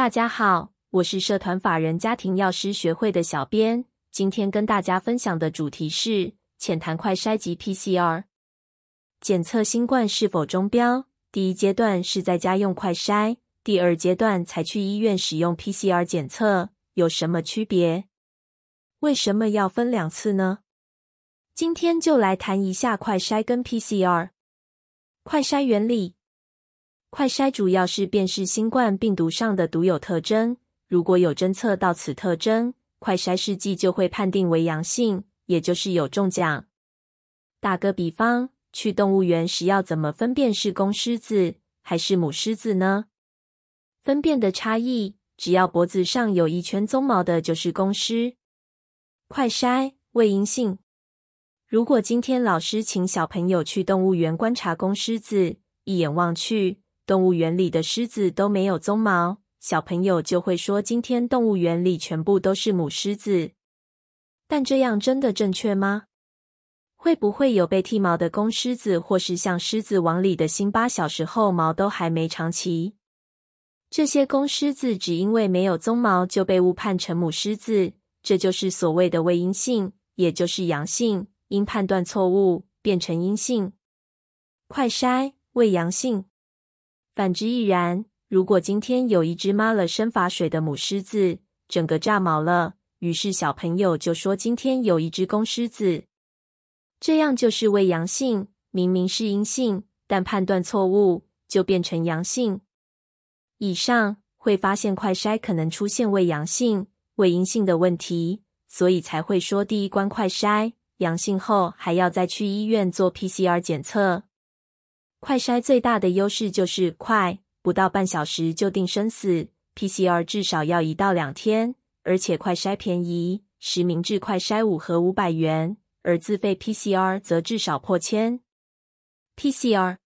大家好，我是社團法人家庭藥師學會的小編。今天跟大家分享的主題是淺談快篩及 PCR。檢測新冠是否中標，第一階段是在家用快篩，第二階段才去醫院使用 PCR 檢測，有什麼區別？為什麼要分兩次呢？今天就來談一下快篩跟 PCR。快篩原理。快篩主要是辨識新冠病毒上的獨有特徵，如果有偵測到此特徵，快篩試劑就會判定為陽性，也就是有中獎。打個比方，去動物園時要怎麼分辨是公獅子還是母獅子呢？分辨的差異，只要脖子上有一圈鬃毛的就是公獅。快篩為陰性。如果今天老師請小朋友去動物園觀察公獅子，一眼望去。動物園裡的獅子都沒有鬃毛，小朋友就會說今天動物園裡全部都是母獅子。但這樣真的正確嗎？會不會有被剃毛的公獅子，或是像《獅子王》裡的辛巴小時候毛都還沒長齊？這些公獅子只因為沒有鬃毛就被誤判成母獅子，這就是所謂的“偽陰性”，也就是陽性因判斷錯誤變成陰性，快篩偽陽性。反之亦然。如果今天有一隻抹了生髮水的母獅子，整個炸毛了，於是小朋友就說今天有一隻公獅子，這樣就是偽陽性。明明是陰性，但判斷錯誤，就變成陽性。以上會發現快篩可能出現偽陽性、偽陰性的問題，所以才會說第一關快篩，陽性後還要再去醫院做 PCR 檢測。快篩最大的優勢就是快，不到半小時就定生死。PCR 至少要一到兩天，而且快篩便宜，實名制快篩五盒五百元，而自費 PCR 則至少破千。PCR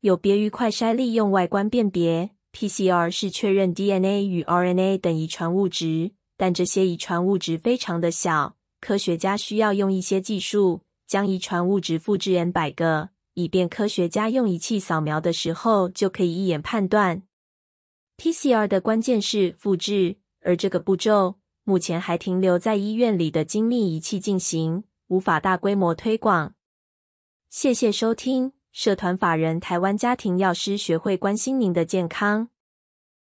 有別於快篩，利用外觀辨別。PCR 是確認 DNA 與 RNA 等遺傳物質，但這些遺傳物質非常的小，科學家需要用一些技術將遺傳物質複製 N 百個。以便科學家用儀器掃描的時候，就可以一眼判斷。PCR 的關鍵是複製，而這個步驟目前還停留在醫院裡的精密儀器進行，無法大規模推廣。謝謝收聽，社團法人台灣家庭藥師學會關心您的健康。